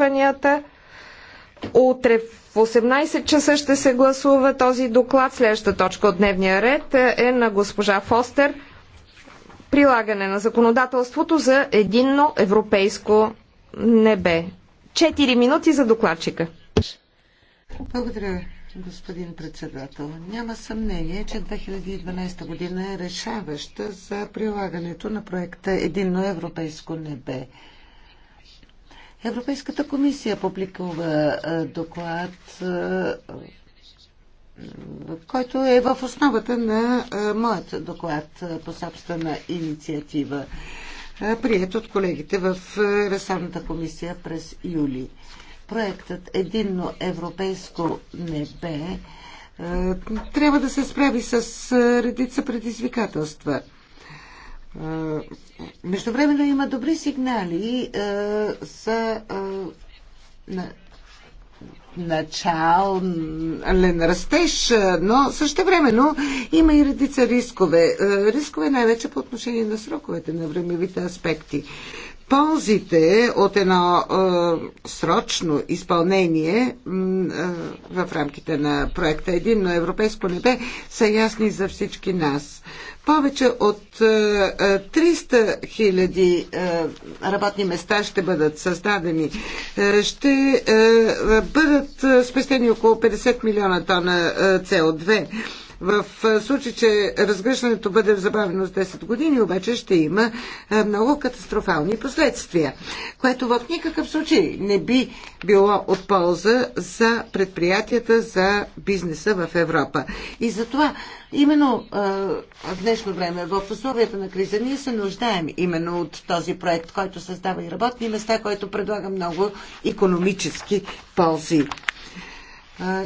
разискванията. Утре в 18 часа ще се гласува този доклад. Следващата точка от дневния ред е на госпожа Фостер. Прилагане на законодателството за единно европейско небе. Четири минути за докладчика. Благодаря, господин председател. Няма съмнение, че 2012 година е решаваща за прилагането на проекта Единно европейско небе. Европейската комисия публикува доклад, който е в основата на моят доклад по собствена инициатива, прият от колегите в Ресорната комисия през юли. Проектът Единно европейско небе трябва да се справи с редица предизвикателства – Междувременно има добри сигнали за начален растеж, но също времено има и редица рискове. Рискове най-вече по отношение на сроковете, на времевите аспекти. Ползите от едно е, срочно изпълнение е, в рамките на проекта Единно европейско небе са ясни за всички нас. Повече от 300 е, е, хиляди е, работни места ще бъдат създадени. Ще бъдат спестени около 50 милиона тона со 2 В случай, че разгръщането бъде забавено с 10 години, обаче ще има много катастрофални последствия, което в никакъв случай не би било от полза за предприятията, за бизнеса в Европа. И затова именно днес днешно време, в условията на криза, ние се нуждаем именно от този проект, който създава и работни места, който предлага много економически ползи.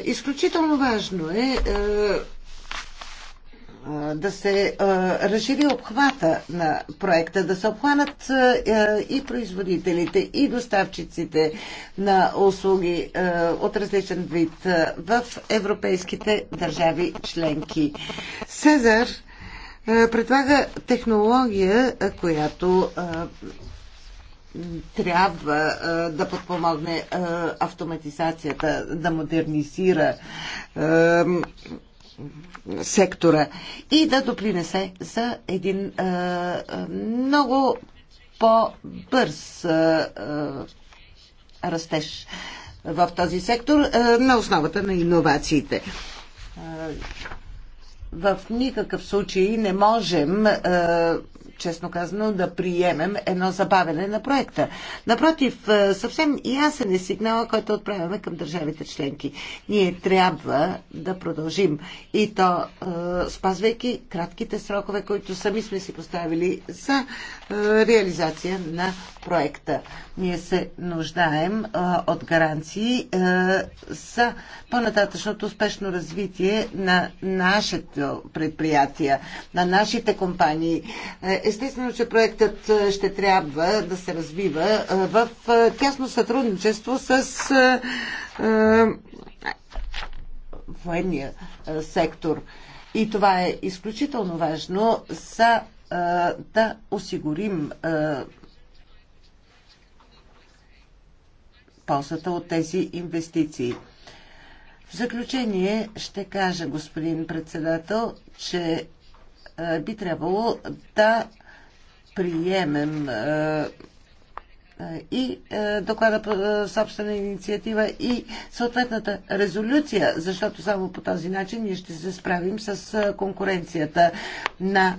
Изключително важно е, е да се е, разшири обхвата на проекта, да се обхванат е, и производителите, и доставчиците на услуги от различен вид в европейските държави членки. Сезар е, предлага технология, е, която е, трябва да подпомогне автоматизацията, да модернизира сектора и да допринесе за един много по-бърз растеж в този сектор на основата на иновациите в никакъв случай не можем е, честно казано, да приемем едно забавене на проекта. Напротив, е, съвсем ясен е сигнала, който отправяме към държавите членки. Ние трябва да продължим и то е, спазвайки кратките срокове, които сами сме си поставили за е, реализация на проекта. Ние се нуждаем от гаранции за по-нататъчното успешно развитие на нашето предприятие, на нашите компании. Естествено, че проектът ще трябва да се развива в тясно сътрудничество с военния сектор. И това е изключително важно за да осигурим ползата от тези инвестиции. В заключение ще кажа, господин председател, че е, би трябвало да приемем е, е, и доклада по собствена инициатива и съответната резолюция, защото само по този начин ние ще се справим с конкуренцията на,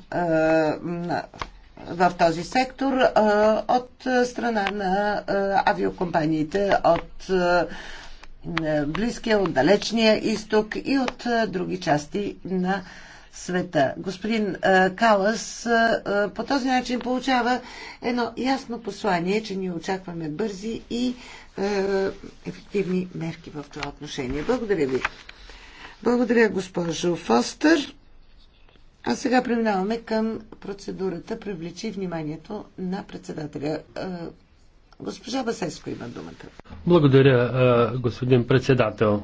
на в този сектор от страна на авиокомпаниите от Близкия, от Далечния изток и от други части на света. Господин е, Калас е, е, по този начин получава едно ясно послание, че ние очакваме бързи и ефективни мерки в това отношение. Благодаря ви. Благодаря, госпожо Фостер. А сега преминаваме към процедурата привлечи вниманието на председателя. Госпожа Басеско има думата. Благодаря, господин председател.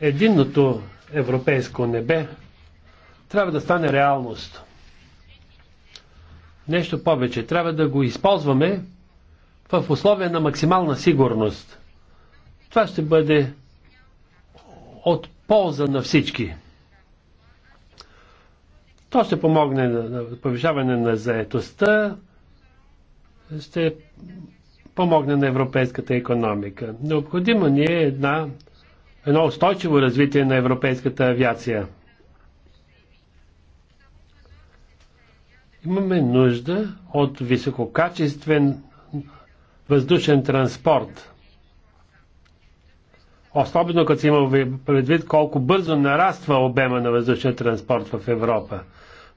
Единното европейско небе трябва да стане реалност. Нещо повече, трябва да го използваме в условия на максимална сигурност. Това ще бъде от полза на всички. То ще помогне на повишаване на заетостта, ще помогне на европейската економика. Необходимо ни е една едно устойчиво развитие на европейската авиация. Имаме нужда от висококачествен въздушен транспорт. Особено като се има предвид колко бързо нараства обема на въздушния транспорт в Европа.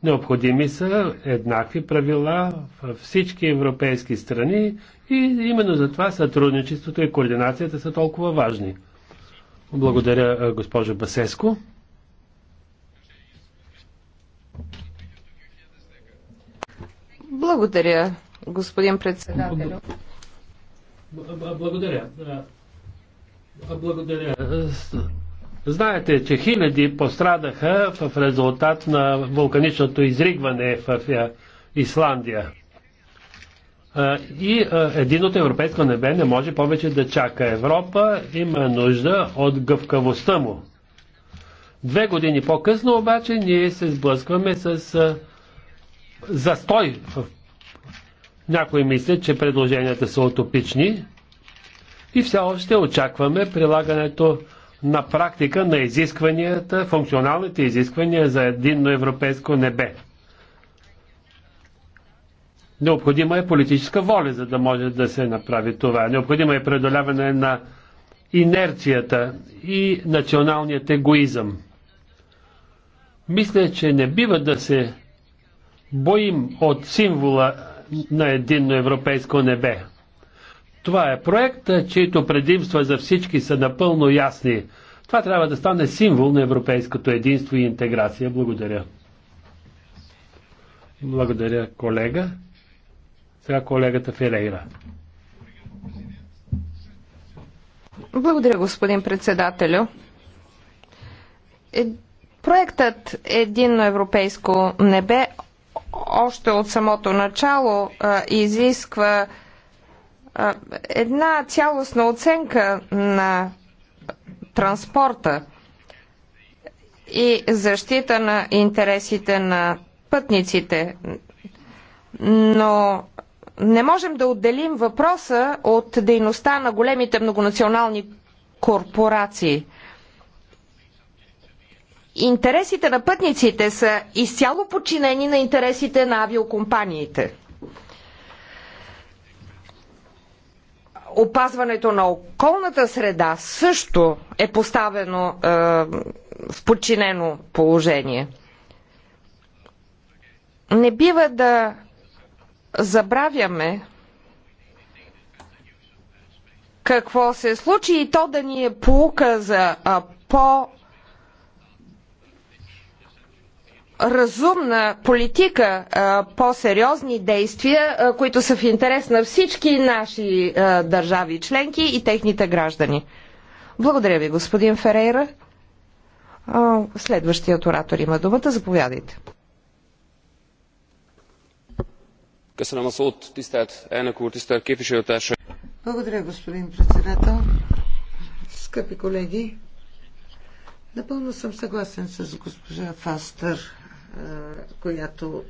Необходими са еднакви правила във всички европейски страни и именно за това сътрудничеството и координацията са толкова важни. Благодаря, госпожо Басеско. Благодаря, господин председател. Благодаря. Благодаря. Знаете, че хиляди пострадаха в резултат на вулканичното изригване в Исландия. И от европейско небе не може повече да чака. Европа има нужда от гъвкавостта му. Две години по-късно обаче ние се сблъскваме с застой. Някои мислят, че предложенията са утопични и все още очакваме прилагането на практика на изискванията, функционалните изисквания за единно европейско небе. Необходима е политическа воля, за да може да се направи това. Необходимо е преодоляване на инерцията и националният егоизъм. Мисля, че не бива да се боим от символа на единно европейско небе. Това е проект, чието предимства за всички са напълно ясни. Това трябва да стане символ на европейското единство и интеграция. Благодаря. Благодаря, колега. Сега колегата Ферейра. Благодаря, господин председателю. Е, проектът Единно европейско небе още от самото начало а, изисква а, една цялостна оценка на транспорта и защита на интересите на пътниците. Но не можем да отделим въпроса от дейността на големите многонационални корпорации. Интересите на пътниците са изцяло подчинени на интересите на авиокомпаниите. Опазването на околната среда също е поставено е, в подчинено положение. Не бива да забравяме какво се случи и то да ни е полука за а, по разумна политика, по-сериозни действия, които са в интерес на всички наши държави членки и техните граждани. Благодаря ви, господин Ферейра. Следващият оратор има думата. Заповядайте. Благодаря, господин председател. Скъпи колеги, напълно съм съгласен с госпожа Фастър, е, която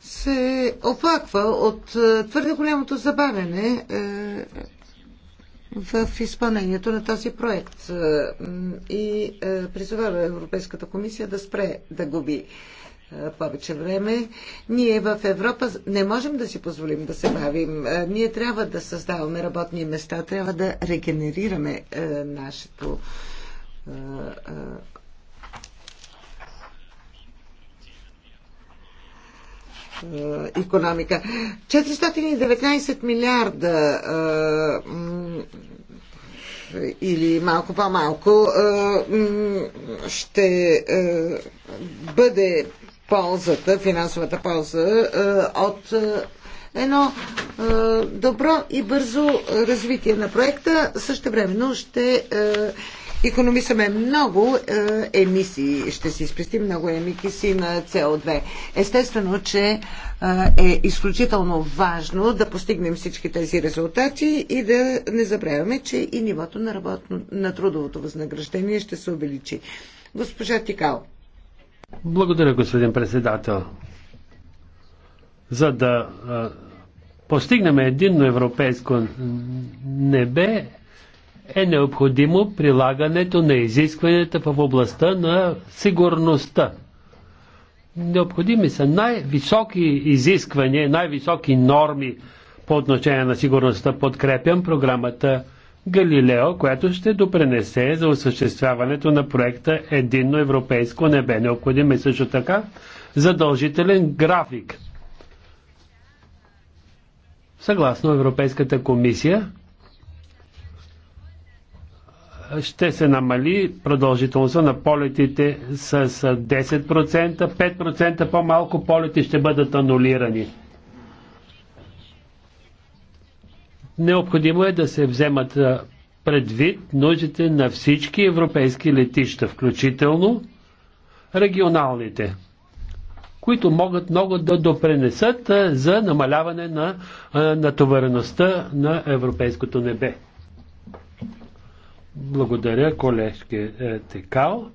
се оплаква от е, твърде голямото забавене е, в изпълнението на този проект и призовава Европейската комисия да спре да губи повече време. Ние в Европа не можем да си позволим да се бавим. Ние трябва да създаваме работни места, трябва да регенерираме нашето економика. 419 милиарда или малко по-малко ще бъде ползата, финансовата полза е, от е, едно е, добро и бързо развитие на проекта. Също времено ще економисаме много емисии, ще си спестим много емисии на CO2. Естествено, че е изключително важно да постигнем всички тези резултати и да не забравяме, че и нивото на, работно, на трудовото възнаграждение ще се увеличи. Госпожа Тикал. Благодаря, господин председател. За да постигнем единно европейско небе, е необходимо прилагането на изискванията в областта на сигурността. Необходими са най-високи изисквания, най-високи норми по отношение на сигурността. Подкрепям програмата Галилео, която ще допренесе за осъществяването на проекта Единно европейско небе. Необходим е също така задължителен график. Съгласно Европейската комисия, ще се намали продължителността на полетите с 10%, 5% по-малко полети ще бъдат анулирани. Необходимо е да се вземат предвид нуждите на всички европейски летища, включително регионалните, които могат много да допренесат за намаляване на натовареността на европейското небе. Благодаря, колежки е, Текал.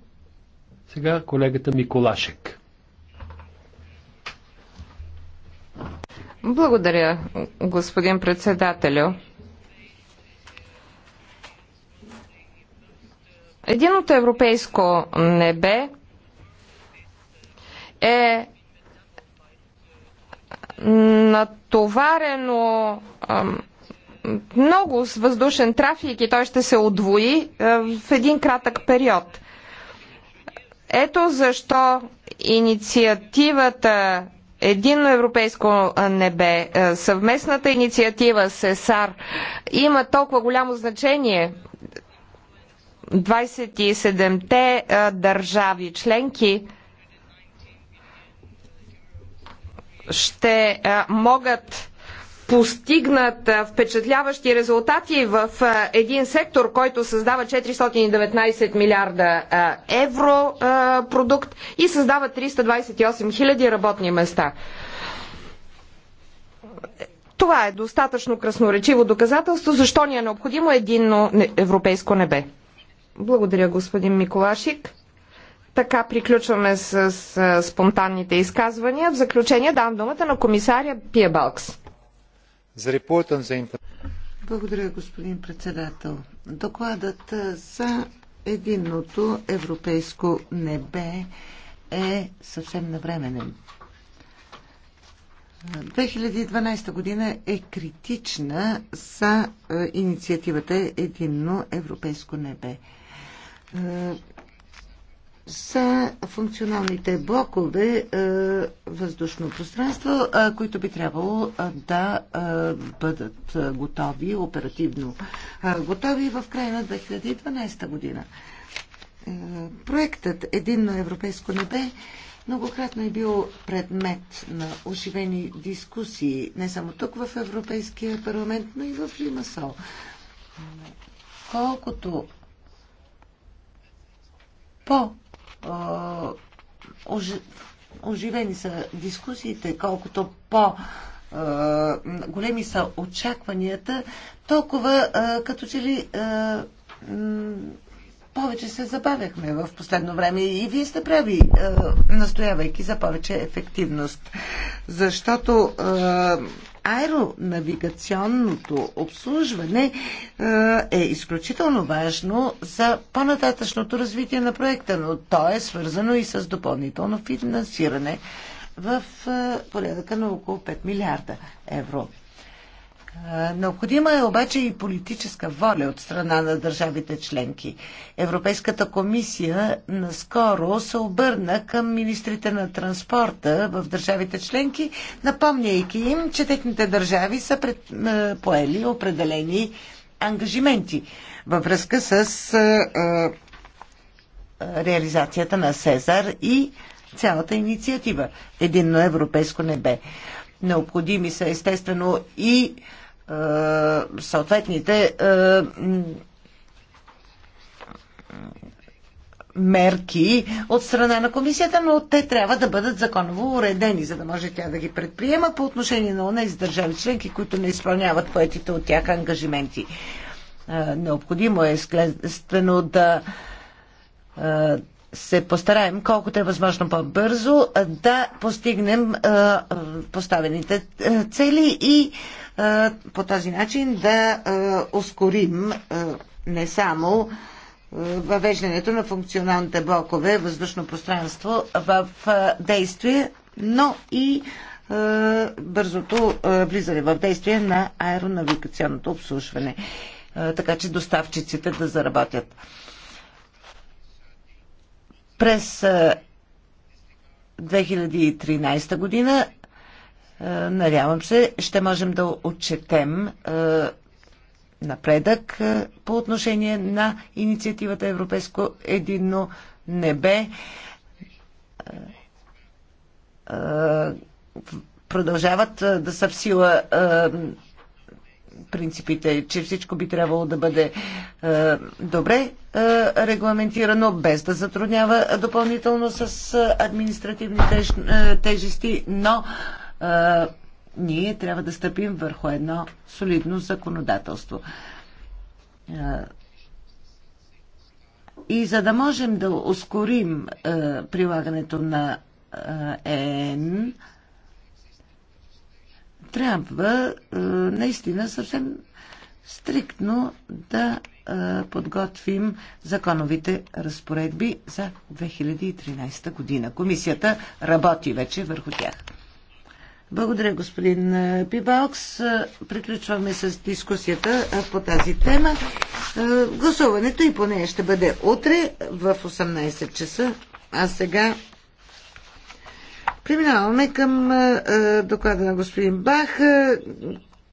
Сега колегата Миколашек. Благодаря, господин председателю. Единото европейско небе е натоварено много с въздушен трафик и той ще се отвои е, в един кратък период. Ето защо инициативата Единно европейско небе, съвместната инициатива СЕСАР има толкова голямо значение. 27-те държави членки ще могат постигнат впечатляващи резултати в един сектор, който създава 419 милиарда евро продукт и създава 328 хиляди работни места. Това е достатъчно красноречиво доказателство, защо ни е необходимо единно европейско небе. Благодаря, господин Миколашик. Така приключваме с, с спонтанните изказвания. В заключение давам думата на комисаря Пиебалкс. Благодаря, господин председател. Докладът за единното европейско небе е съвсем навременен. 2012 година е критична за инициативата Единно европейско небе са функционалните блокове е, въздушно пространство, е, които би трябвало е, да бъдат готови, оперативно готови в края на 2012 година. Проектът Единно европейско небе многократно е бил предмет на оживени дискусии, не само тук в Европейския парламент, но и в Лимасол. Колкото по е, оживени са дискусиите, колкото по е, големи са очакванията, толкова е, като че ли повече се забавяхме в последно време и вие сте прави, настоявайки за повече ефективност. Защото аеронавигационното обслужване е, е изключително важно за по-нататъчното развитие на проекта, но то е свързано и с допълнително финансиране в е, порядъка на около 5 милиарда евро. Е, необходима е обаче и политическа воля от страна на държавите членки. Европейската комисия наскоро се обърна към министрите на транспорта в държавите членки, напомняйки им, че техните държави са пред, е, поели определени ангажименти във връзка с е, е, реализацията на Сезар и цялата инициатива Единно европейско небе. Необходими са естествено и съответните мерки от страна на комисията, но те трябва да бъдат законово уредени, за да може тя да ги предприема по отношение на онези държави членки, които не изпълняват поетите от тях ангажименти. Необходимо е естествено да се постараем колкото е възможно по-бързо да постигнем поставените цели и по този начин да ускорим не само въвеждането на функционалните блокове въздушно пространство в действие, но и бързото влизане в действие на аеронавигационното обслужване, така че доставчиците да заработят. През 2013 година е, надявам се, ще можем да отчетем е, напредък е, по отношение на инициативата Европейско единно небе. Продължават да са в сила принципите, че всичко би трябвало да бъде е, добре е, регламентирано, без да затруднява допълнително с административни теж, е, тежести, но е, ние трябва да стъпим върху едно солидно законодателство. И за да можем да ускорим прилагането на ЕН, трябва наистина съвсем стриктно да подготвим законовите разпоредби за 2013 година. Комисията работи вече върху тях. Благодаря, господин Пибалкс. Приключваме с дискусията по тази тема. Гласуването и по нея ще бъде утре в 18 часа. А сега преминаваме към доклада на господин Бах.